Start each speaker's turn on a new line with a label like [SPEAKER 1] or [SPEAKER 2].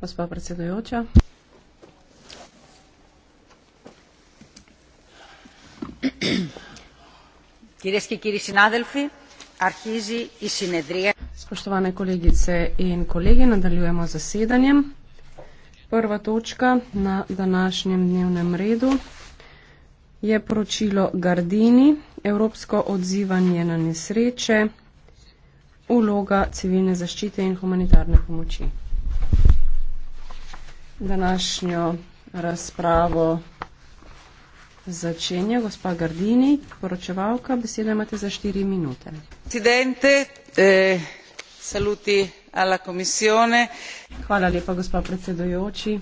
[SPEAKER 1] Gospa predsedujoča.
[SPEAKER 2] Spoštovane kolegice in kolegi, nadaljujemo z zasedanjem. Prva točka na današnjem dnevnem redu je poročilo Gardini, Evropsko odzivanje na nesreče, vloga civilne zaščite in humanitarne pomoči. Današnjo razpravo začenja gospa Gardini, poročevalka, besedo imate za štiri minute. Presidente, eh,
[SPEAKER 3] saluti alla komisione.
[SPEAKER 2] Hvala lepa, gospa predsedujoči.